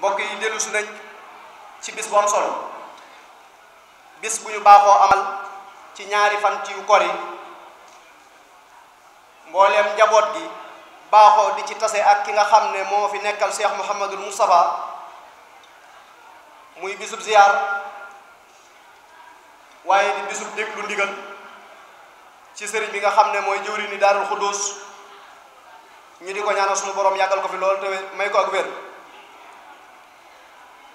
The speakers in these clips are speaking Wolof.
mbokk yi dellu nañ ci bis bu am solo bis bu ñu baaxoo amal ci ñaari fan ci yu kor mbooleem njaboot gi baaxoo di ci tase ak ki nga xam ne moo fi nekkal Cheikh Mouhamadul Moustapha muy bisub ziyaar waaye di bisub déglu ndigal ci sëriñ bi nga xam ne mooy jëwri ni daarul xudduus ñu di ko ñaanal suñu borom yàggal ko fi loolu te may ko ak wér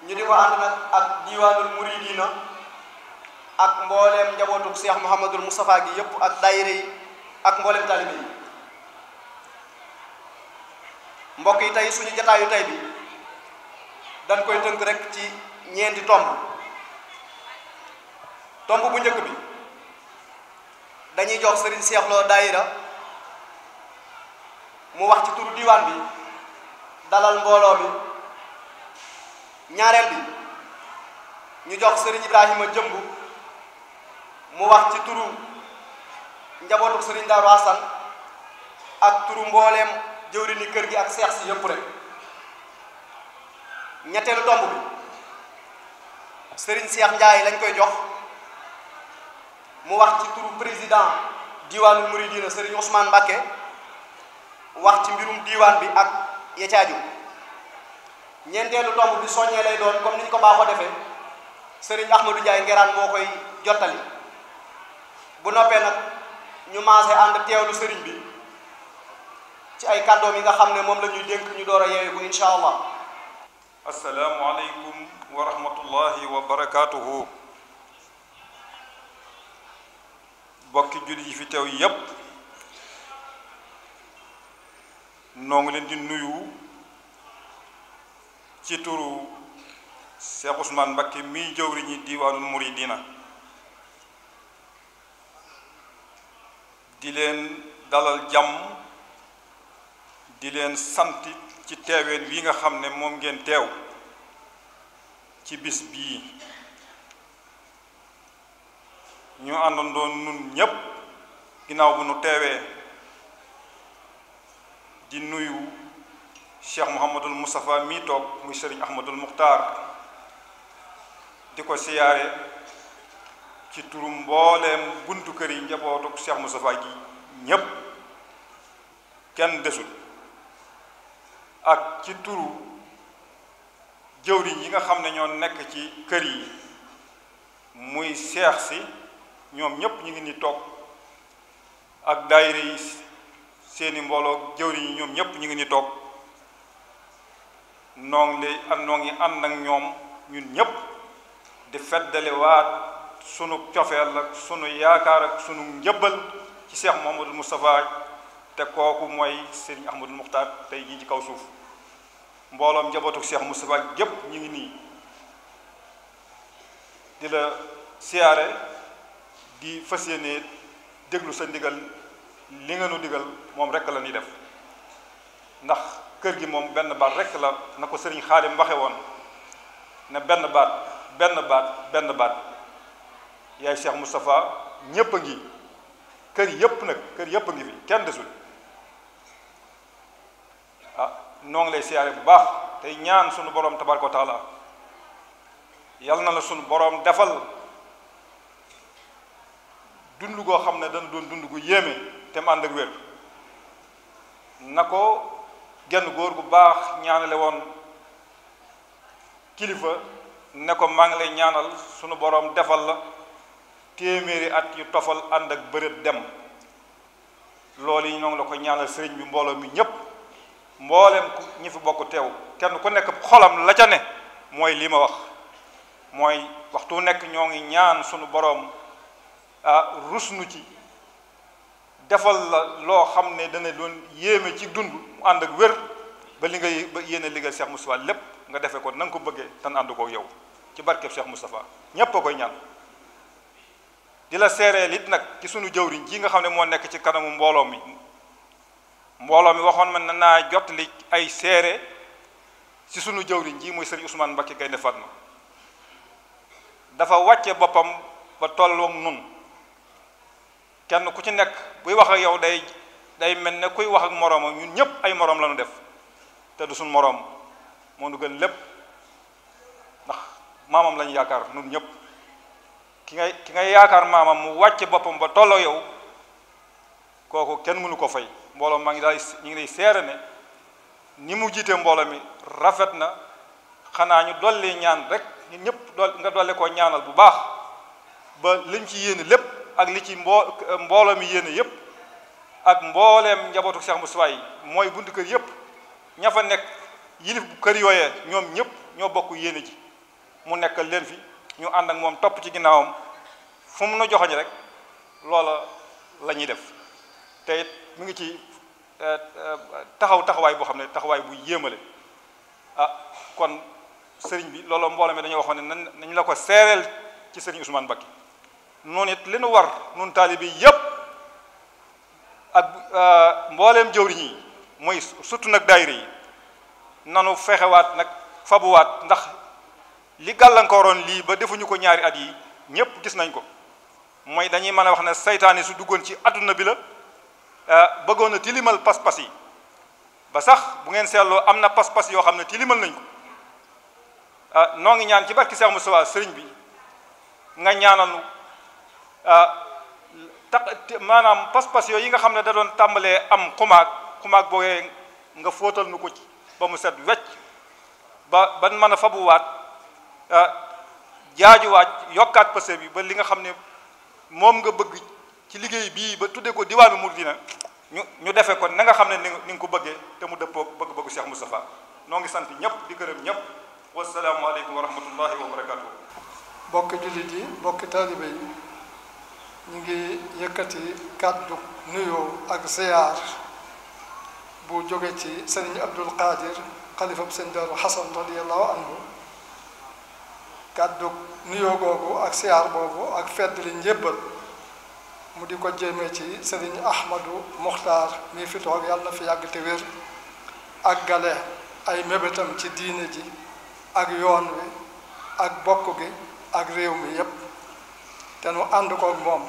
ñu di ko ànd nag ak diiwaanul muridina ak mbooleem njabootu Cheikh Mouhamadul Moustapha gi yëpp ak daayira yi ak mbooleem taalibe yi mbokk yi tey suñu jataayu tey bi dañ koy tënk rekk ci ñeenti tomb tomb bu njëkk bi dañuy jox sëriñ Cheikh Lo mu wax ci turu diwaan bi dalal mbooloo mi ñaareel bi ñu jox sëriñ Ibrahima jëmb mu wax ci turu njabootu sëriñ Daaru Asan ak turu mbooleem jëwriñi kër gi ak seex si yëpp rek ñetteelu tomb bi sëriñ Seex Njaay lañ koy jox mu wax ci turu président diwaanu Muridina sëriñ Ousmane Mbàkke wax ci mbirum diwaan bi ak yecaaju ñeenteelu tomb bi soññee lay doon comme ni ñu ko baaxoo defee sëriñ Ahmadou jaay Ngeraan moo koy jottali bu noppee nag ñu maase ànd teewlu sëriñ bi ci ay kàddoom yi nga xam ne moom lañuy ñuy dénk ñu door a yeewee ko incha allah. asalaamualeykum wa rahmatullahi wa bokki jullit yi fi teew yépp noo ngi leen di nuyu. ci turu Cheikh Ousmane Mbakke miy jëwriñi diwaanul muridina di leen dalal jàmm di leen sant ci teeween wi nga xam ne moom ngeen teew ci bis bii ñu àndandoon nun ñépp ginnaaw bu nu teewee di nuyu cheikh mouhamadul moustapha mii toog muy sëriñ ahmadul muxtaar di ko siyaare ci turu mbooleem buntu kër yi njabootuk cheikh moustapha ji ñépp kenn desul ak ci turu jëwriñ yi nga xam ne ñoo nekk ci kër yi muy seex si ñoom ñépp ñu ngi ni toog ak daayira yi seeni mbooloo jëwriñ yi ñoom ñépp ñu ngi ni toog noo ngi lay ak noo ngi ñoom ñun ñépp di feddaliwaat sunu cofeel ak sunu yaakaar ak sunu njëbbal ci Cheikh Mouhamadou Moustapha te kooku mooy Serigne Ahmadou Moukhtar tey jii ci kaw suuf mbooloom njabootu Cheikh Moustapha gépp ñu ngi nii di la siyaare di fas yéene déglu sa ndiggal li nga nu digal moom rekk la ñuy def ndax kër gi moom benn baat rekk la na ko sëriñ xaalim waxe woon ne benn baat benn baat benn baat yaay Cheikh Moustapha ñépp a ngi kër yépp nag kër yépp a ngi fi kenn desul ah noo ngi lay siyaare bu baax tey ñaan sunu boroom tabaaraka wa na la sunu boroom defal dund goo xam ne dana doon dund ku yéeme te mu ak wér na ko genn góor gu baax ñaanale woon kilifa ne ko maa ngi lay ñaanal sunu boroom defal la téeméeri at yu tofal ànd ak bërët dem loolu yi ñoo la ko ñaanal sëriñ bi mbooloo mi ñépp mboolem ñi fi bokk teew kenn ku nekk xolam la ca ne mooy lii ma wax mooy waxtu nekk ñoo ngi ñaan suñu boroom ah rus nu ci defal la loo xam ne dana doon yéeme ci dund ànd ak wér ba li ngay ba yéene liggéey Cheikh Moustapha lépp nga defee ko na ko bëggee tan ànd ko yow ci barkeb Cheikh Moustapha ñépp a koy ñaan di la seereel it nag ci sunu jëw jëwriñ ji nga xam ne moo nekk ci kanamu mbooloo mi mbooloo mi waxoon man na naa jot li ay seere ci sunu jëw jëwriñ njii muy sëriñ Ousmane Mbacké Gaynde Fatma dafa wàcce boppam ba tolloog nun kenn ku ci nekk buy wax yow day day mel ne kuy wax ak moroomam ñun ñëpp ay moroom lañu def te du suñ moroom moo nu gën lépp ndax maamam lañu yaakaar ñun ñëpp ki ngay ki ngay yaakaar maamam mu wàcce boppam ba tolloo yow kooku kenn mënu ko fay mbooloo maa ngi daal ñu ngi lay seere ne ni mu jiite mbooloo mi rafet na xanaa ñu dolli ñaan rek ñun ñëpp nga dolli koo ñaanal bu baax ba liñ ci yéene lépp ak li ci mboo mbooloo mi yéene yépp ak mbooleem njabootu Cheikh Moustapha yi mooy buntu kër yëpp ña fa nekk yilif bu kër yooyee ñoom ñëpp ñoo bokk yéene ji mu nekkal leen fi ñu ànd ak moom topp ci ginnaawam fu mu na joxoñ rek loola lañuy def te it mu ngi ci eh, eh, taxaw taxawaay boo xam ne taxawaay bu yéemale ah kon sëriñ bi loolu mbooloo mi dañoo waxoon ne nañ nañ la ko seereel ci sëriñ Ousmane Mbacké noonu it li nu war nun taalibe yépp ak euh, mbooleem jëwriñ yi mooy surtout nag daayira yi nanu fexewaat nag fabuwaat ndax li gàllankooroon lii ba defuñu ko ñaari at yi ñëpp gis nañ ko mooy dañuy mën a wax ne seytaane su duggoon ci àdduna bi la euh, bëggoon na tilimal pas-pas yi ba sax bu ngeen seetloo am na pas-pas yoo xam ne tilimal nañ ko euh, noo ngi ñaan ci barki Seex Mustafaa sëriñ bi nga ñaanal tax maanaam pas-pas yooyu yi nga xam ne da doon tàmbalee am xumaag xumaag boogee nga fóotal nu ko ci ba mu set wecc ba ban mën a fabuwaat ah, jaajuwaat yokkaat pase bi ba li nga xam ne moom nga bëgg ci liggéey bii ba tuddee ko diwaanu Mouridina ñu ñu defe ko na nga xam ne ni nga ko bëggee te mu dëppoo bëgg-bëggu Cheikh Moustapha noo ngi sant ñëpp di gërëm ñëpp wasalaamualeykum wa rahmatullahi wa barakatuh bokki jullit yi bokki taalibe yi ñu ngi yëkkati kàddu nuyoo ak ziyaar bu jóge ci sëriñ Abdul Qadir xalifa bu sëñ Daaru Xasan radiallahu anhu kàddu nuyoo googu ak ziyaar boobu ak fedd li njébbal mu di ko jéemee ci sëriñ Ahmadu Muxtaar mii fi toog yàlla na fi yàgg te wér ak gale ay mébétam ci diine ji ak yoon wi ak bokk gi ak réew mi yépp te nu ànd koog moom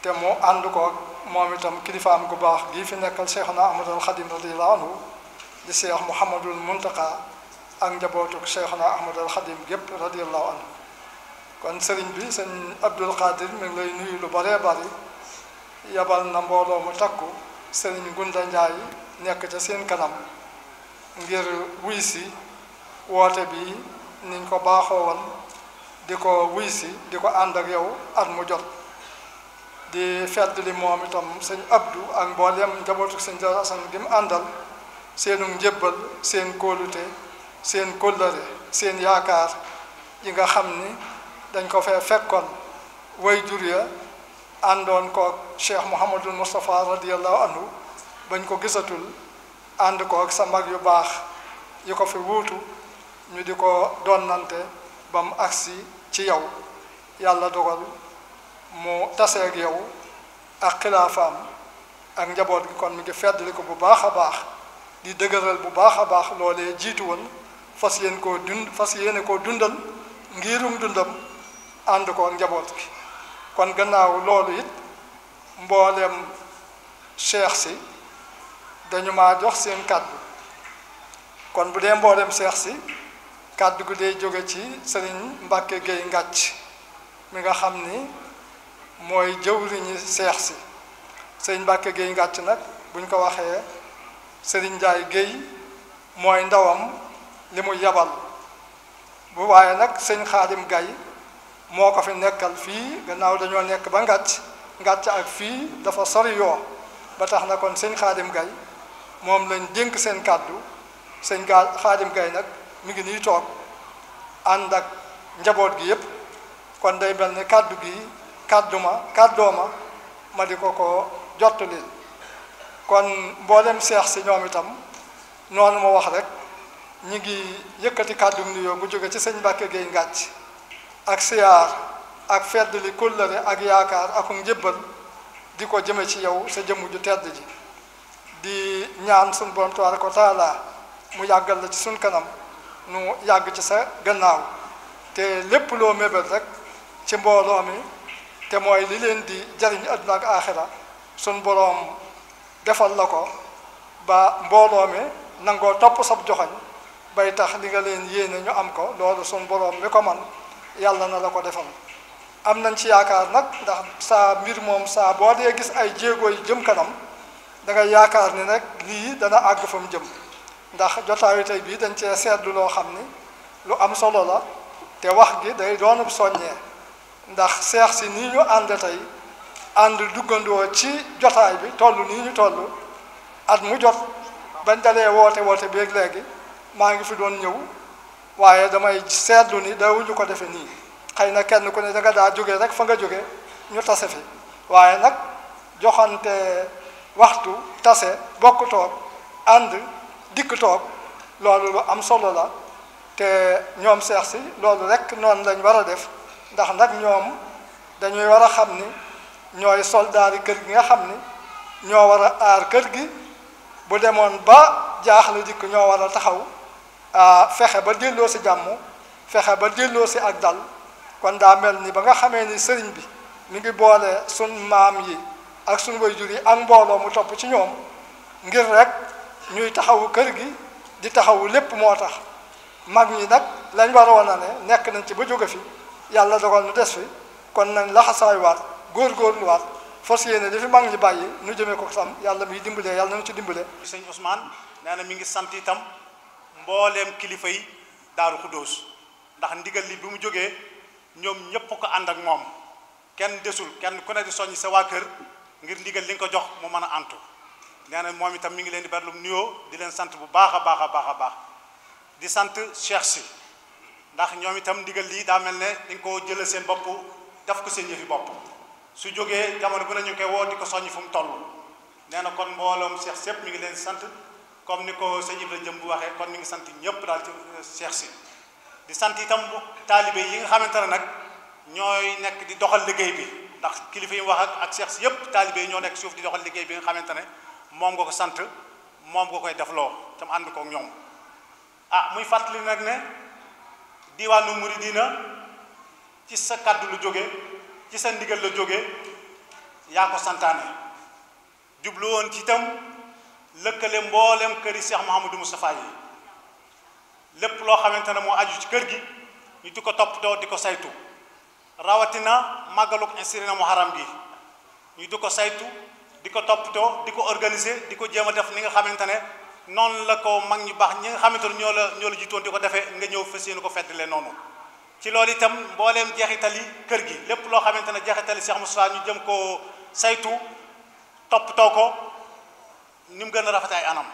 te mu ànd koog moom itam kilifaam gu baax gii fi nekkal Cheikhuna Ahmadul Xadim radiyallahu anhu di Cheikh Mouhamadul Muntaqa ak njabootuk Cheikhuna Ahmadul Xadim gépp radiyallahu kon sëriñ bi sëñ Abdul Qadir mi lay nuyu lu bare bari yabal na mbooloo mu takku sëriñ Gunda Njaay nekk ca seen kanam ngir wuy si woote bi niñ ko baaxoo woon di ko wuy si di ko ànd ak yow at mu jot di fedd li moom itam sëñ Abdou ak mboolem njabootu sëñ Daaru Asan gi mu àndal seenu njébbal seen kóolute seen kóllëre seen yaakaar yi nga xam ni dañ ko fee fekkoon way jur ya àndoon kook Cheikh Mouhamadul Moustapha radiallahu anhu bañ ko gisatul ànd kook sa mag yu baax yi ko fi wuutu ñu di ko donnante ba mu agsi ci yow yàlla dogal mu taseeg yow ak xilaafaam ak njaboot gi kon mu ngi feddali ko bu baax a baax di dëgëral bu baax a baax loolee jiitu fas yéen koo dund fas yéene koo dundal ngirum dundam ànd ko ak njaboot gi kon gannaaw loolu it mboolem seex si dañu ma jox seen kàddu kon bu dee mboolem seex si kàddu gi jóge ci Serigne Mbacke géey Ngàcc mi nga xam ni mooy jëwriñu seex si sëñ Mbacke géey Ngàcc nag buñ ko waxee Serigne njaay Gueye mooy ndawam li mu yabal bu waaye nag sëñ Xaadim Gaye moo ko fi nekkal fii gannaaw dañoo nekk ba ngàcc ngàcc ak fii dafa sori yoo ba tax na kon sëñ Xaadim Gaye moom lañ dénk seen kàddu sëñ gaa Xaadim nag mi ngi nii toog ànd ak njaboot gi yépp kon day mel ni kàddu gi kàddu ma kàddoo ma ma di ko ko jottali kon mboolem seex si ñoom itam noonu ma wax rek ñi ngi yëkkati kàddu nuyoo bu jóge ci sëñ Mbàkke Gueye ngàcc ak siyaar ak fedd li kóllëre ak yaakaar ak njëbbal di ko jëme ci yow sa jëmm ju tedd ji di ñaan suñ borom tabaaraka wa taala mu yàggal la ci suñ kanam nu yàgg ci sa gannaaw te lépp loo mébét rek ci mbooloo mi te mooy li leen di jariñ àdduna ak aaxira sun boroom defal la ko ba mbooloo mi nangoo topp sab joxoñ bay tax li nga leen yéene ñu am ko loolu sun boroom mi ko man yàlla na la ko defal am nañ ci yaakaar nag ndax saa mbir moom saa boo dee gis ay jéego yu jëm kanam da yaakaar ni rek lii dana àgg fa jëm ndax jotaayu tey bii dañ cee seetlu loo xam ni lu am solo la te wax gi day doonub soññee ndax seex si nii ñu ànd tey ànd duggandoo ci jotaay bi toll nii ñu toll at mu jot bañ dalee woote woote beeg léegi maa ngi fi doon ñëw waaye damay seetlu ni dawuñu ko defe nii xëy na kenn ku ne da daa jóge rek fa nga jóge ñu tase fi waaye nag joxante waxtu tase bokk toog ànd dikk toog loolu lu am solo la te ñoom seex si loolu rek noonu lañ war a def ndax nag ñoom dañuy war a xam ni ñooy soldaari kër gi nga xam ni ñoo war a aar kër gi bu demoon ba jaaxle dikk ñoo war a taxaw fexe ba delloo si jàmm fexe ba delloo si ak dal kon daa mel ni ba nga xamee ni sëriñ bi mi ngi boole suñ maam yi ak suñ wayjur yi ak mbooloo mu topp ci ñoom ngir rek ñuy taxawu kër gi di taxawu lépp moo tax mag ñi nag lañ waroon a ne nekk nañ ci ba jóge fi yàlla dogal nu des fi kon nañ laxasaay waat góor-góorlu waat fas yéene li fi mag ñi bàyyi nu jëmee ko sam yàlla muy dimbalee yàlla nañu ci dimbalee sëñ Ousmane nee na mi ngi sant itam mbooleem kilifa yi daaru Xuddoos ndax ndigal li bi mu jógee ñoom ñépp ko ànd ak moom kenn desul kenn ku ne di soññ sa waa kër ngir ndigal li nga ko jox mu mën a antu nee moom itam mu ngi leen di berlum nuyo di leen sant bu baax a baax a baax a baax di sant cheikh si ndax ñoom itam ndigal lii daa mel ne dañ koo jëlal seen bopp def ko seen yëfi bopp su jógee jamono bu ne ñu koy woo di ko soññ fu mu toll nee na kon mbooloom cheikh sépp mi ngi leen sant comme ni ko sëñ jëm bu waxee kon mi ngi sant ñëpp daal ci euh, cheikh si di sant itam taalibe yi nga xamante ne nag ñooy nekk di doxal liggéey bi ndax kilifa yi wax ak ak cheikh si yëpp ñoo nekk suuf di doxal liggéey bi nga xamante ne moom nga ko sant moom nga koy def loo mu ànd kook ñoom ah muy fàttali nag ne diwaanu diina ci sa kàddu lu jóge ci sa ndigal la jóge yaa ko santaane jublu woon ci itam lëkkale mboolem kër yi Cheikh Mouhamadou Moustapha yi lépp loo xamante ne moo aju ci kër gi ñu di ko toppatoo di ko saytu rawatina màggaluk mu muharam bi ñu di ko saytu di ko topp too di ko organiser di ko jéem a def ni nga xamante ne noonu la ko mag ñu baax ñi nga xamante ne ñoo la ñoo la jiitoon di ko defee nga ñëw fas yéene ko feddle noonu ci loolu itam mbooleem jeexitali kër gi lépp loo xamante ne jeexitali Cheikh Moustapha ñu jëm ko saytu toppatoo ko ni gën a rafet anam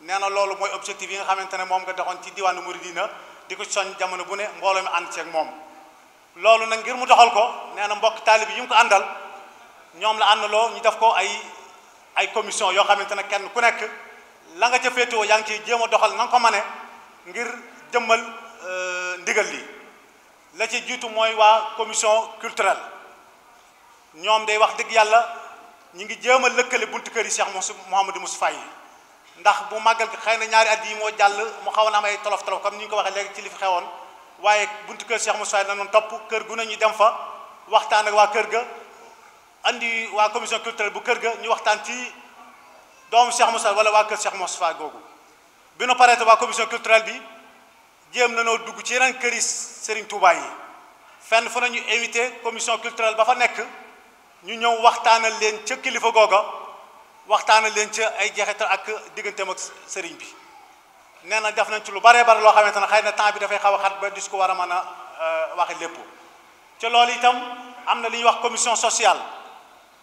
nee na loolu mooy objectif yi nga xamante ne moom nga doxoon ci diwaanu Mouridina di ko soñ jamono bu ne mbooloo mi ànd ceeg moom loolu nag ngir mu doxal ko nee na mbokk taalib yi mu ko àndal ñoom la àndaloo ñu def ko ay ay commission yoo xamante ne kenn ku nekk la nga ca féetewoo yaa ngi ciy jéem a doxal na nga ko mane ngir jëmmal euh, ndigal li la ci jiitu mooy waa commission culturelle ñoom day wax dëgg yàlla ñu ngi jéem a lëkkale buntu kër yi Cheikh Mouhamadou Moustapha yi ndax bu màggal gi xëy na ñaari at yi moo jàll mu xawoon am ay tolof tolof comme ni ñu ko waxee léegi ci li fi xewoon waaye buntu kër Cheikh Moustapha yi danoon topp kër gu ne ñu dem fa waxtaan ak waa kër ga. andi waa commission culturelle bu kër ga ñu waxtaan ci doomu Cheikh Moussa wala waa kër Cheikh Moussa googu bi nu paree waa commission culturelle bi jéem na noo dugg ci yeneen këri Serigne Touba yi fenn fu nañu invité commission culturelle ba fa nekk ñu ñëw waxtaanal leen ca kilifa googa waxtaanal leen ca ay jeexital ak digganteem ak Serigne bi nee na def nañ ci lu baree bare loo xamante ne xëy na temps bi dafay xaw a xat ba dis ko war a mën a euh, waxe lépp ca loolu itam am na li ñuy wax commission sociale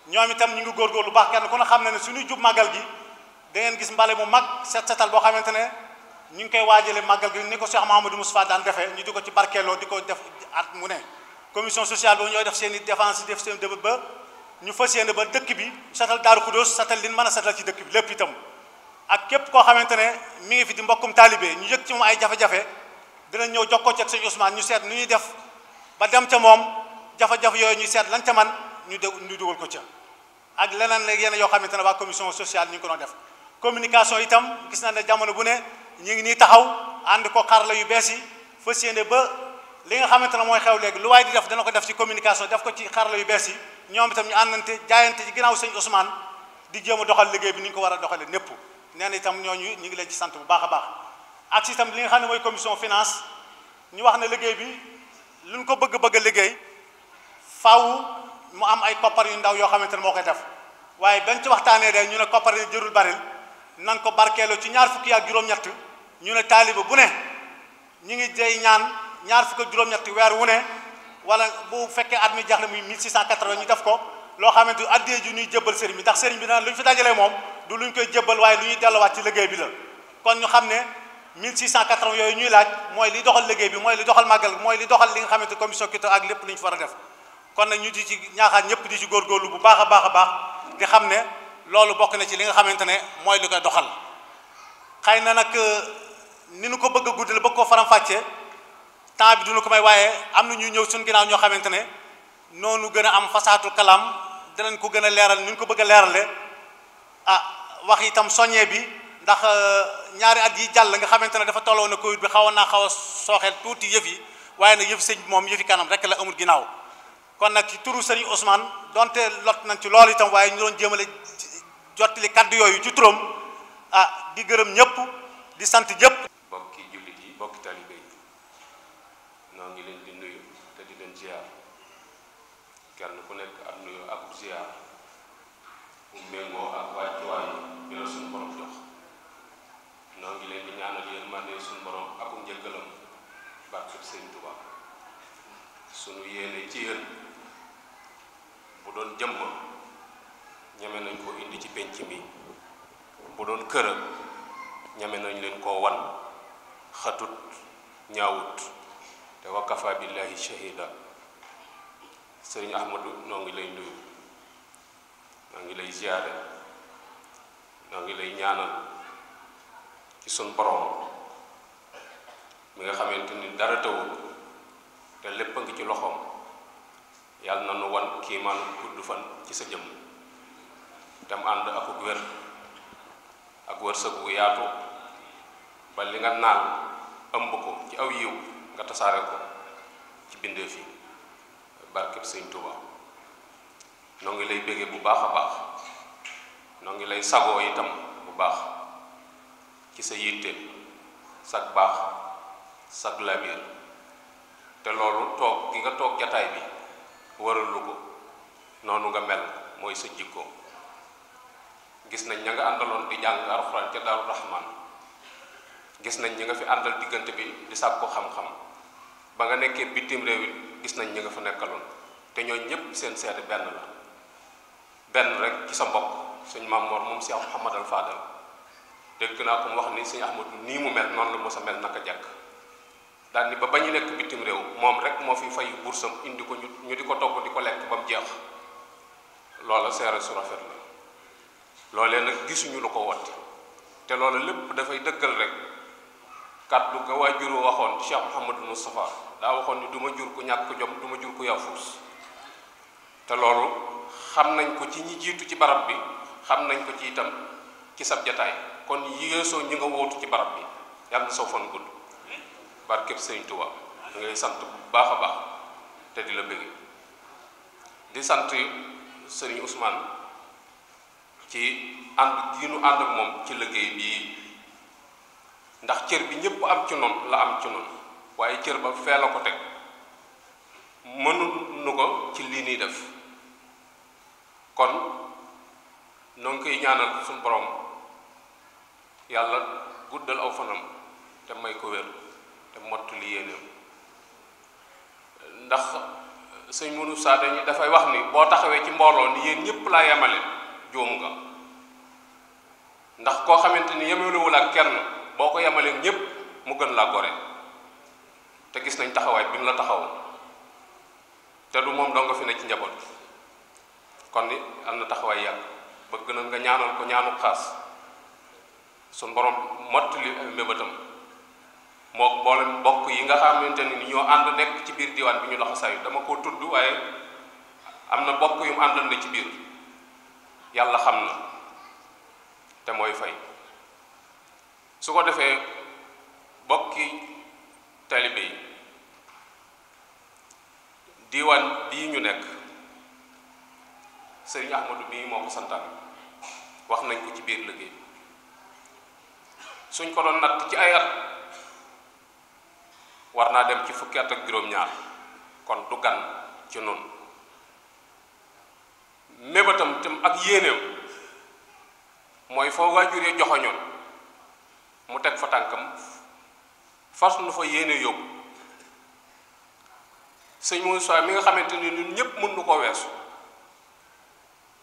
ñoom itam ñu ngi lu baax kenn ku ne xam ne ne suñu jub màggal gi dangeen ngeen gis mbale mu mag seet setal boo xamante ne ñu ngi koy waajale màggal gi ni ko Cheikh Mahamadou Moustapha daan defee ñu di ko ci barkeeloo di ko def at mu ne commission sociale boobu ñooy def seen i défense def seen dëbët ba ñu fas yéene ba dëkk bi setal Daaru Xudóos setal li ñu mën a setal ci dëkk bi lépp itam ak képp koo xamante ne mi ngi fi di mbokkum taalibe ñu yëg ci moom ay jafe-jafe dinañ ñëw jokkoo ci ak sëñ Ousmane ñu seet nu ñuy def ba dem ca moom jafe-jafe yooyu ñu seet lañ ca man ñu dégg ñu dugal ko ca ak leneen léegi yenn yoo xamante ne waa commission sociale ñu ngi ko doon def communication itam gis na ne jamono bu ne ñu ngi nii taxaw ànd ko xarala yu bees yi fa yéene ba li nga xamante ne mooy xew léegi lu waaye di def dana ko def ci communication def ko ci xarala yu bees yi ñoom itam ñu àndante jaayante ci ginnaaw sëñ Ousmane di jéem a doxal liggéey bi ni ñu ko war a doxalee népp neen na itam ñooñu ñu ngi leen ci sant bu baax a baax ak itam li nga xam ne mooy commission finance ñu wax ne liggéey bi luñ ko bëgg-bëgg a liggéey mu am ay koppar yu ndaw yoo xamante ne moo koy def waaye benn ci waxtaanee de ñu ne koppar yi jërul baril nan ko barkeeloo ci ñaar fukki ak juróom-ñett ñu ne taaliba bu ne ñu ngi jey ñaan ñaar fukki ak juróom-ñett weer wu ne wala bu fekkee at mi jaxle muy 1680 ñu def ko loo xamante ni addee ju bi ndax sëriñ bi naan lu ñu fi dajalee moom du lu ñu koy jébbal waaye lu ñuy delluwaat ci liggéey bi la kon ñu xam ne 1680 yooyu ñuy laaj mooy li doxal liggéey bi mooy li doxal màggal mooy li doxal li nga xamante commission kito ak lépp lu ñu a def kon nag ñu di ci ñaaxaat ñëpp di ci góorgóorlu bu baax a baax a baax nga xam ne loolu bokk na ci li nga xamante ne mooy li koy doxal xëy na nag euh, ni nu ko bëgg a guddal bëgg koo faram-fàccee temps bi du nu ko may waaye am na ñuy ñëw suñu ginnaaw ñoo xamante ne noonu gën a am fasaatu kalam dinañ ko gën a leeral ni ñu ko bëgg a leerale ah wax itam soññee bi ndax euh, ñaari at yi jàll nga xamante ne dafa tolloo na Covid bi xawoon naa xaw a sooxeel tuuti yëf yi waaye nag yëf sëñ bi moom yëfi rek la amul ginnaaw. kon nag ci turu sëriñ Ousmane donte lot nañ ci loolu itam waaye ñu doon jéemale jottali kaddu yooyu ci turam ah di gërëm ñëpp di sant ñëpp. mbokki jullit yi mbokki taalibe yi noo ngi leen di nuyu te di leen ziar kenn ku nekk ak nuyu ak ziar mu méngoo ak wàccuwaayu bi la suñu borom jox noo ngi leen di ñaanal yéen man ne suñu borom akum njëggalam barkeb sëriñ Tuubaa suñu yéene ci yéen. bu doon jëmm ñeme nañ ko indi ci penc mi bu doon këram ñeme nañ leen koo wan xatut ñaawut te wa kafa billahi shahida sëriñ ahmadu noo ngi lay nuyu noo ngi lay ziyaare noo ngi lay ñaanal ci sun borom mi nga xamante ni dara tawul te lépp a ngi ci loxoom yàlla na nu wan kiimaanu gudd fan ci sa jëmm tam ànd akuk wér ak sa wu yaatu ba li nga naan ëmb ko ci aw yiw nga tasaare ko ci bindeef yi barkeb sëñ Tuuba noo ngi lay bége bu baax a baax noo ngi lay sagoo itam bu baax ci sa yitte sag baax sag labiir te loolu toog gi nga toog jataay bi waralu ko noonu nga mel mooy sa jikko gis nañ ña nga àndaloon di jàng alxuraan ca daaru rahman gis nañ ñi nga fi àndal diggante bi di sàkku xam-xam ba nga nekkee bitim réew it gis nañ ñi nga fa nekkaloon te ñooñ ñépp seen seede benn la benn rek ci sa mbokk suñ maam Mor moom si Mouhamad al Fadal dégg naa ko mu wax ni suñu Ahmadu nii mu mel noonu la moo sa mel naka jekk daal ba ba ñu nekk bitim réew moom rek moo fi fay bursam indi ko ñu ñu di ko togg di ko lekk ba mu jeex loola seere su rafet la loolee nag gisuñu lu ko wotti te loolu lépp dafay dëggal rek kàddu ga waajuru waxoon Cheikh Mouhamadou Moustapha daa waxoon ni du ma jur ku ñàkk jom du ma jur ku yafuus te loolu xam nañ ko ci ñi jiitu ci barab bi xam nañ ko ci itam ci sab jataay kon yéesoo ñi nga wootu ci barab bi yàlla na soo fan gudd barkeb sëriñ Tuuba da ngay sant bu baax a baax te di la bëgg di sant sëriñ Ousmane ci ànd gi ànd moom ci liggéey bii ndax cër bi ñëpp am ci noonu la am ci noonu waaye cër ba feela ko teg mënul nu ko ci lii nii def kon noo ngi koy ñaanal suñu borom yàlla guddal aw fanam te may ko wér te mottali yéeneem ndax sëñ mënu Sa dañu dafay wax ni boo taxawee ci mbooloo ni yéen ñëpp laa yemale juum nga ndax koo xamante ni yemalewul ak kenn boo ko yemalee ñëpp mu gën laa gore te gis nañ taxawaay bi mu la taxaw te du moom doo nga fi ne ci njaboot kon ni am na taxawaay yàgg bëgg na nga ñaanal ko ñaanu xaas suñ borom mottali ay mébétam moo mboolem mbokk yi nga xamante ni ñoo ànd nekk ci biir diwaan bi ñu loxo sayu dama ko tudd waaye am na bokk yu mu àndal na ci biir yàlla xam na te mooy fay su ko defee bokki talibe yi diwaan bii ñu nekk sëriñ Ahmadou bii moo ko santaan wax nañ ko ci biir liggéey suñ ko doon natt ci ay at war naa dem ci fukki at ak juróom-ñaar kon du gan ci nun mébatam tam ak yéenéem mooy foo waajur yi joxoñoon mu teg fa tànkam fas nu fa yéene yóbbu sëñ Moussa mi nga xamante ni ñun ñépp mën nu koo weesu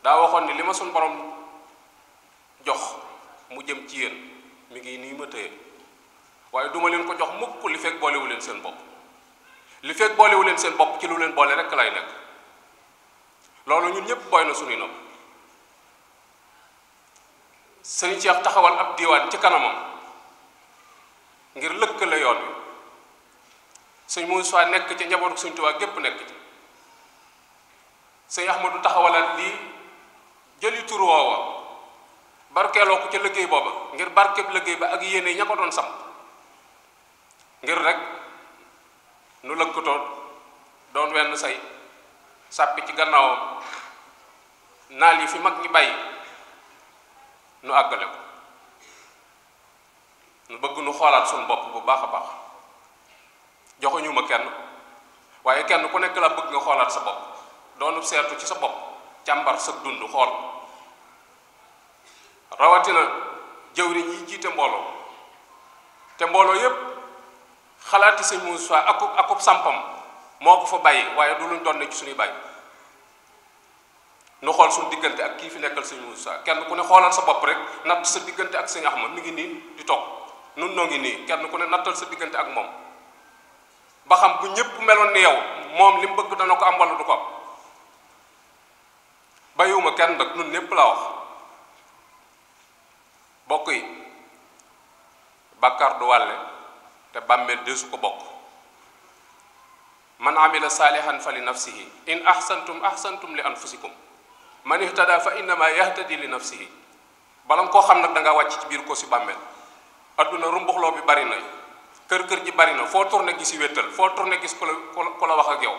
daa waxoon ni li ma suñ borom jox mu jëm ci yéen mi ngi nii ma téye waaye duma leen ko jox mukk li fekk boolewu leen seen bopp li fekk boolewu leen seen bopp ci lu leen boole rek lay nekk loolu ñun ñëpp booy na suñuy nopp sëñ Cheikh taxawal ab diwaan ci kanamam ngir lëkkale yoon wi sëñ Moussa nekk ci njabootu sëñ Tuubaa gépp nekk ci sëñ Ahmadu taxawalaat lii jëli tur woowa barkeeloo ko ca liggéey booba ngir barkeb liggéey ba ak yéene ña ko doon samp ngir rek nu lëkkatoo doon wenn say sàppi ci gannaawam naal yi fi mag ñi bàyyi nu àggale ko nu bëgg nu xoolaat suñu bopp bu baax a baax joxuñu kenn waaye kenn ku nekk la bëgg nga xoolaat sa bopp doonu seetu ci sa bopp càmbar sa dund xool rawatina jëwriñ yi jiite mbooloo te mbooloo yépp xalaati sëñ Moussa akub akub sampam moo ko fa bàyyi waaye du luñ doon ne ci suñuy bàyyi nu xool suñu diggante ak kii fi nekkal sëñ Moussa kenn ku ne xoolal sa bopp rek natt sa diggante ak sëñ Ahmad mi ngi nii di toog nun noo ngi nii kenn ku ne nattal sa diggante ak moom ba xam bu ñëpp meloon ni yow moom li mu bëgg dana ko am wala du ko am bàyyiwuma kenn nag nun ñëpp laa wax bokk yi bàkkaar du wàlle te bàmmeel deesu ko bokk man la saalihan fa li nafsihi in ahsantum ahsantum li anfusikum man ihtada fa innama yahtadi li yi bala nga koo xam nag danga wàcc ci biir ko si bàmmeel adduna rumbuxloo bi bari na kër kër ji bari na foo tourné gis wéttal foo tourné gis ku la ku la wax a yow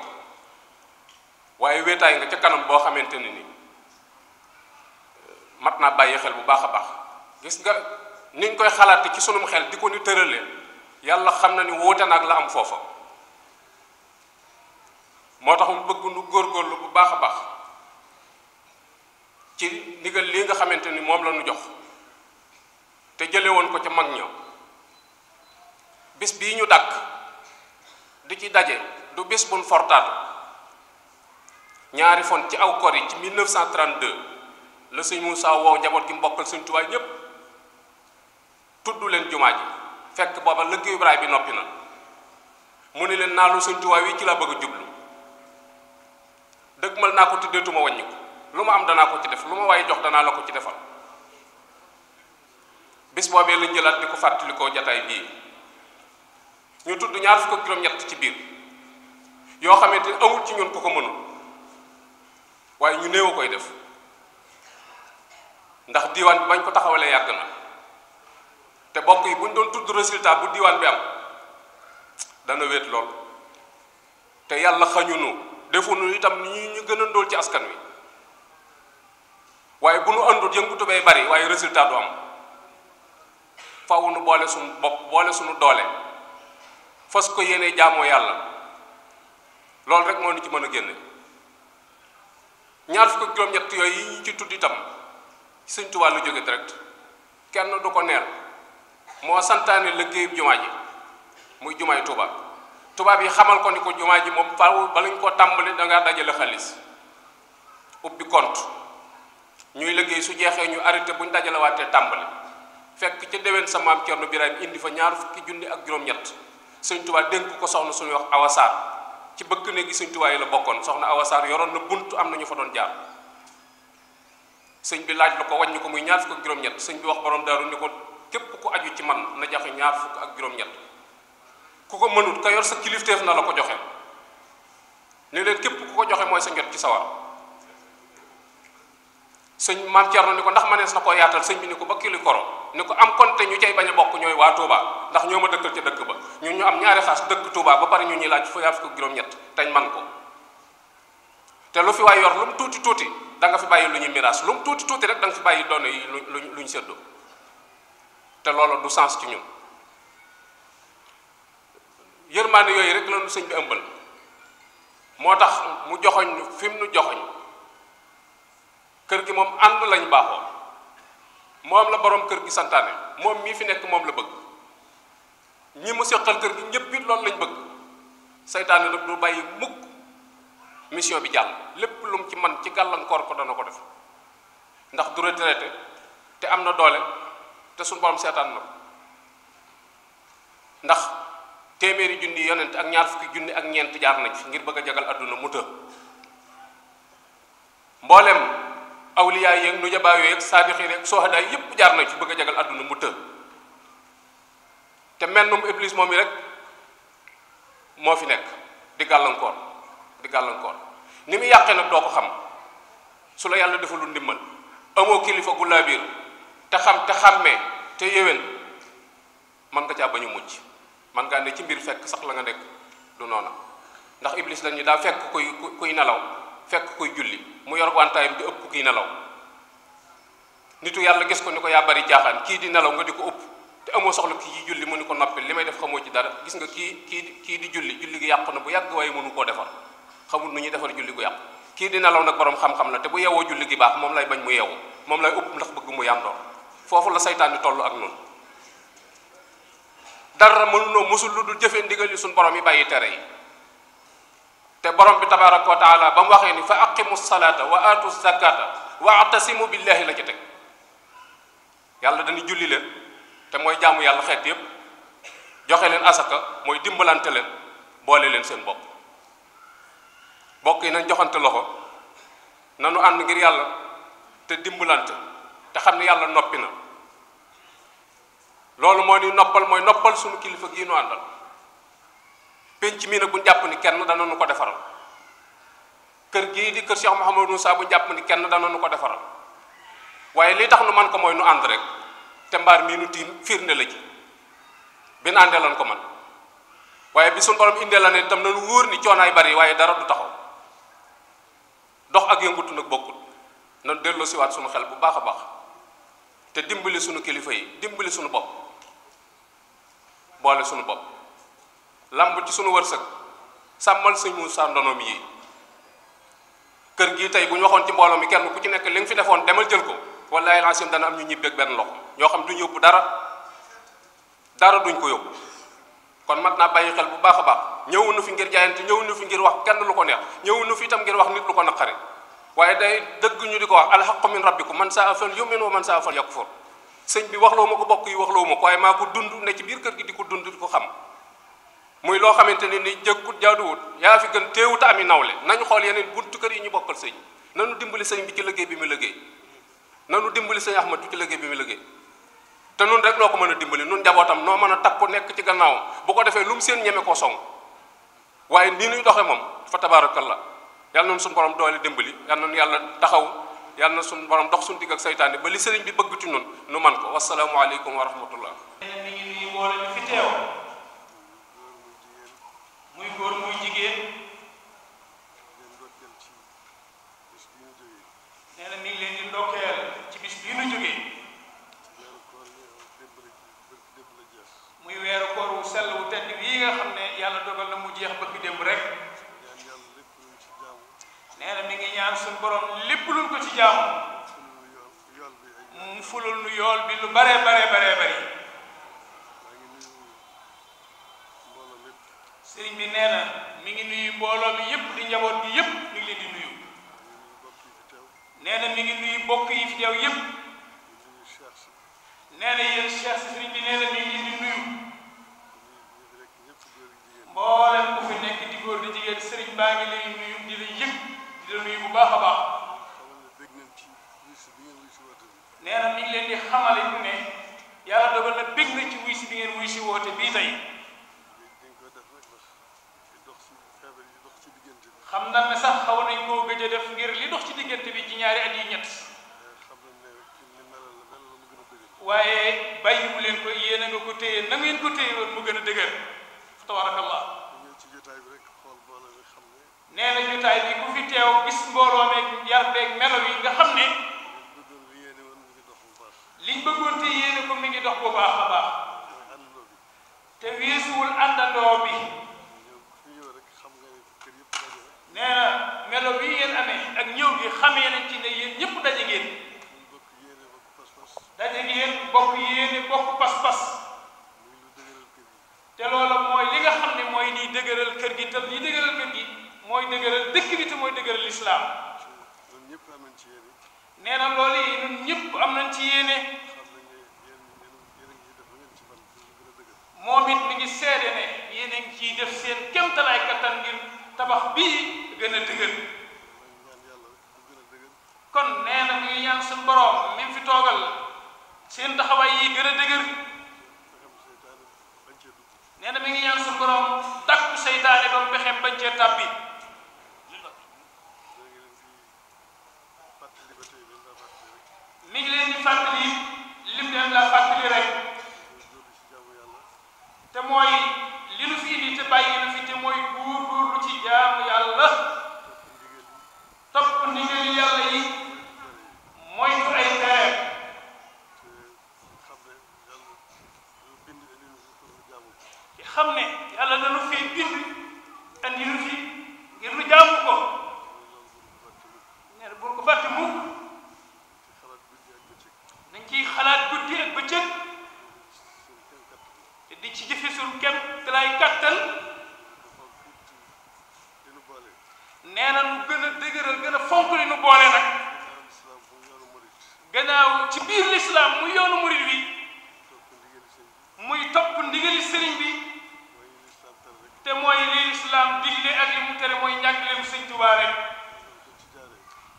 waaye wéetaay nga ca kanam boo xamante ne ni mat naa bàyyi xel bu baax a baax gis nga ni ñu koy xalaate ci sunum xel di ko ni tëralee yàlla xam na ni wuute naag la am foofa moo tax mu bëgg nu góorlu bu baax a baax ci ndigal lii nga xamante ni moom la nu jox te jële woon ko ca mag ñoom bis bii ñu dàkk di ci daje du bis buñ fortaatu ñaari fon ci aw kor yi ci 1932 la suñ Moussa woow njaboot gi mbokkal sëñ Tuubaa ñépp tudd leen jumaa ji fekk booba lëggéeyu baraay bi noppi na mu ni leen naa lu suñ tuwaay wi ci laa bëgg a jublu dëgmal naa ko tuddeetuma wàññiku lu ma am danaa ko ci def lu ma waaye jox danaa la ko ci defal bis boobee lañ jëlaat di ko fàttalikoo jataay bii ñu tudd ñaar fukk ak juróom-ñett ci biir yoo xamante ni amul ci ñun ku ko mënul waaye ñu néew koy def ndax diiwaan bi bañ ko taxawalee yàgg na te bokk yi bu ñu doon tudd résultat bu diwaan bi am dana wéet lool te yàlla xañunu defunu itam ni ñu gën a ndóol ci askan wi waaye bu nu andut yëngutu bay bari waaye résultat du am faaw boole sunu bopp boole suñu doole fas ko yéene jaamoo yàlla loolu rek moo ñu ci mën a génn ñaar fukk ak juróom-ñett yooyu yi ci tudd itam Sëñ Tuubaa lu jóge direct kenn du ko neer moo santaane liggéeyub jumaa ji muy jumaay Touba tubaab yi xamal ko ni ko jumaa ji moom faaw ba lañ ko tàmbali da ngaa dajale xaalis ubbi compte ñuy liggéey su jeexee ñu arrêté buñ dajalewaatee tàmbali fekk ca déwén sa maam Thierno Birahim indi fa ñaar fukki junni ak juróom-ñett sëñ Touba dénk ko soxna suñuy wax awasaar ci bëkk néegi sëñ Touba yi la bokkoon soxna awasaar yoroon na bunt am na ñu fa doon jaar sëñ bi laaj lu ko wàññi ko muy ñaar fukk ak juróom wax borom daaru ni ko. képp ku aju ci man na joxe ñaar fukk ak juróom-ñett ku ko mënut ka yor sa kilifteef na la ko joxe ne leen képp ku ko joxe mooy sa njot ci sawar sëñ maam Thierno ni ko ndax manees na koo yaatal sëñ bi ni ko ba kili koro ni ko am kon konte ñu cay bañ bokk ñooy waa Touba ndax ñoo ma dëkkal ca dëkk ba ñu ñu am ñaari xaas dëkk Touba ba pare ñu ñuy laaj fa yaar fukk ak juróom-ñett tañ man ko te lu fi waay yor lu mu tuuti tuuti da nga fi bàyyi lu ñu miraas lu mu tuuti tuuti rek nga fi bàyyi doone yi luñ luñ séddoo te loola du sens ci ñun yërmaande yooyu rek la nu sëñ bi ëmbal moo tax mu joxoñ fi mu nu joxoñ kër gi moom ànd lañ baaxoo moom la borom kër gi santaane moom mii fi nekk moom la bëgg ñi mu sëqal kër gi ñëpp it loolu lañ bëgg seytaane nag du bàyyi mukk mission bi jàll lépp lu ci man ci gàllankoor ko dana ko def ndax du retraité te am na doole te su borom seetaan na ndax téeméeri junni yonent ak ñaar fukki junni ak ñeent jaar nañ fi ngir bëgg a jagal àdduna mu të mboolem awliyaa yeeg nujabaa yeeg saadixiin yeeg sohadaay yépp jaar nañ fi bëgg a jagal àdduna mu të te mennum iblis moom yi rek moo fi nekk di gàllankoon di gàllankoon ni mu yàqee nag doo ko xam su la yàlla defalul ndimbal amoo kilifa gu laabiir te xam te xàmmee te yéwén man nga caa bañu mucc man ngaa ne ci mbir fekk sax la nga nekk du noona ndax iblis dañu daa fekk kuy kuy nelaw fekk kuy julli mu yor wantaayam di ëpp kiy nelaw nitu yàlla gis ko ni ko yaa bari jaaxaan kii di nelaw nga di ko ëpp te amoo soxla kii julli mu ni ko noppi li may def xamoo ci dara gis nga kii kii kii di julli julli gi yàqu na bu yàgg waaye mënu koo defar xamul nu ñu defar julli gu yàqu kii di nelaw nag borom xam-xam la te bu yeewoo julli gi baax moom lay bañ mu yeewu moom lay ëpp ndax bëgg mu yàndoor foofu la saytaan di toll ak noonu dara mënuloo mosul lu dul jëfe ndigal yi suñ borom yi bàyyi tere yi te borom bi tabaraka wa taala ba mu waxee ni fa aqimu salaata wa aatu zakata wa atasimu billahi la ci teg yàlla dañu julli leen te mooy jaamu yàlla xeet yépp joxe leen asaka mooy dimbalante leen boole leen seen bopp bokk yi nañ joxante loxo nanu ànd ngir yàlla te dimbalante te xam ne yàlla noppi na loolu moo ni noppal mooy noppal suñu kilifa gii nu àndal penc mii nag bu jàpp ni kenn dana nu ko defaral kër gii di kër Cheikh Mouhamadou Moussa bu jàpp ni kenn dana nu ko defaral waaye li tax nu man ko mooy nu ànd rek te mbaar mii nu tiim firnde la ji benn àndee lan ko man waaye bi suñu borom indee la ne itam nañu wóor ni coonaay bari waaye dara du taxaw dox ak yëngutu nag bokkul nan delloo siwaat suñu xel bu baax a baax te dimbali sunu kilifa yi dimbali sunu bopp boole sunu bopp lamb ci sunu wërsëg sàmmal sëñ Moussa ndono mi yii kër gii tey bu ñu waxoon ci mbooloo mi kenn ku ci nekk li nga fi defoon demal jël ko wallaay lancim dana am ñu ñibbi ak benn loxo ñoo xam duñ yóbbu dara dara duñ ko yóbbu kon mat naa bàyyi xel bu baax a baax ñëwunu fi ngir jaayante ñëwunu fi ngir wax kenn lu ko neex ñëwunu fi itam ngir wax nit lu ko naqare waaye day dëgg ñu di ko wax alxaqu min rabbikum man saa fal yumin wa man saa fal yakfur sëñ bi waxloo ma ko bokk yi waxloo ma ko waaye maa ko dund ne ci biir kër gi di ko dund di ko xam muy loo xamante ne ni jëkkut jaaduwut yaa fi gën teewut ami nawle nañu xool yeneen buntu kër yi ñu bokkal sëñ nanu dimbali sëñ bi ci liggéey bi mu liggéey nanu dimbali sëñ Ahmadu ci liggéey bi mu liggéey te nun rek noo ko mën a dimbali nun njabootam noo mën a takku nekk ci gannaawam bu ko defee lu mu seen ñeme koo waaye nii nuy doxe moom fa tabarakallah yàlla noonu suñu borom doole dimbali yàlla noonu yàlla taxaw yàlla na suñu borom dox suñu digg ak saytaane ba li sëriñ bi bëgg ci noonu nu man ko wasalaamualeykum wa rahmatullah muy góor muy jigéen nee na leen di ndokkeel ci bis bii nu jógee muy weeru koor wu sell wu tedd bii nga xam ne yàlla dogal na mu jeex bëgg démb rek nee mi ngi ñaan suñu borom lépp lu ko ci jaamu mu mm, yool bi lu bare bare bare bari sëriñ bi nee mi ngi nuyu mbooloo bi yépp di njaboot bi yépp mi ngi di nuyu nee mi ngi nuyu bokk yi fi teew yépp nee na yéen sëriñ bi nee mi ngi leen nuyu mboolem ku fi nekk di góor di jigéen sëriñ baa ngi lay nuyu di nuyu bu baax a baax nee na mi leen di xamale ñu ne yàlla dogal na bég na ci wuy si bi ngeen wuy si woote bii tey xam na ne sax xaw nañ moo gëj a def ngir li dox ci diggante bi ci ñaari at yi ñett waaye bàyyi mu leen ko yéen a nga ko téye na ngeen ko téye woon mu gën a dëgër tabarakallah nee na jotaay bi ku fi teew gis mbooloo meeg yar beeg melo yi nga xam ne liñ bëggoon te yéene ko mi ngi dox bu baax a baax te weesuwul àndandoo bi nee na melo bi yéen amee ak ñëw gi xamee nañ ci ne yéen ñëpp daje ngeen daje ngeen bokk yéene bokk pas-pas te loola mooy li nga xam ne mooy liy dëgëral kër gi te liy dëgëral kër gi. mooy dëgëral dëkk bi te mooy dëgëral lislaam nee na loolu yi ñun ñëpp am nañ ci yéene moom it mi ngi seede ne yéen a ngi ciy def seen kéemtalaay kattan ngir tabax bii gën a dëgër kon nee na ñuy ñaan suñu borom mi fi toogal seen taxawaay yi gën a dëgër nee na mi ngi ñaan suñu borom takku seytaane ba mu pexeem bañ cee tàbbi mi ngi leen di fàttali lim leen la fàttali rek te mooy li nu fi indi te bàyyi nu fi te mooy góorgóorlu ci jaamu yàlla topp ndigal yàlla yi mooy fu ay tereem te xam ne yàlla danu fee bind andi nu fi ngir nu jaamu ko nee na bu ko fàtte mukk bëccëg te di ci jëfe suñ kem te lay kàttan nee na nu gën a dëgëral gën a fonk li nu boole nag gannaaw ci biir lislaam muy yoonu murid wi muy topp ndigali sëriñ bi te mooy li lislaam digle ak li mu tere mooy njàngaleem sëñ Tuubaa rek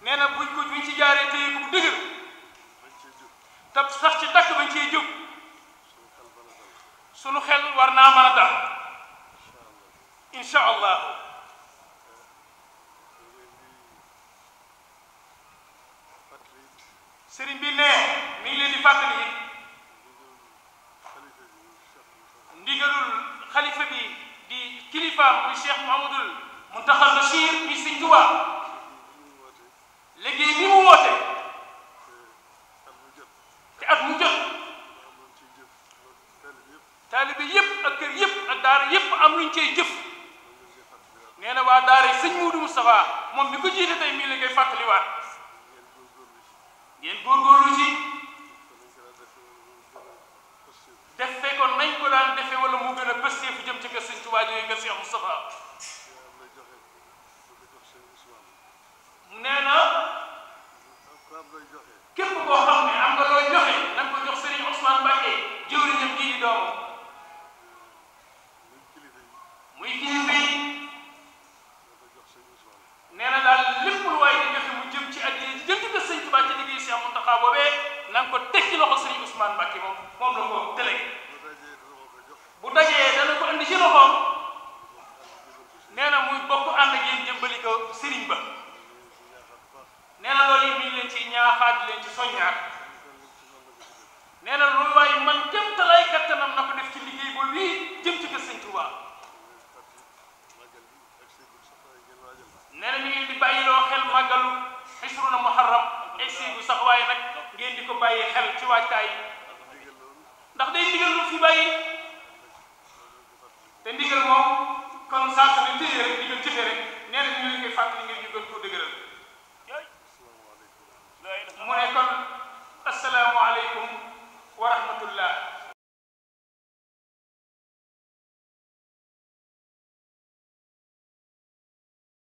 nee na buñ ko buñ ci jaaree téye bu dëgër tab sax ci takk bañ ciy jóg sunu xel war naa allah sëriñ bi ne mi ngi leen di fàttali ndigalul xalifa bi di kilifaam muy Cheikh Mouhamadoul Mountakha bi Sëriñ Tuubaa liggéey bi mu at mu jot taalibe yëpp a kër yëpp a daara yëpp am luñ cey jëf nee na waa daara yi sëñ Muudu Moustapha moom mi ko jiite tey mii la koy fàttaliwaat ngeen góorgóorlu ci def fekkoon nañ ko daan defe wala mu gën a bëstee fu jëm ci kër sëñ Tuubaa yooyu kër Cheikh Moustapha nee na képp koo xam ne am nga looy joxe na nga jox Serigne Ousmane Mbacké jëwriñam ji di doomam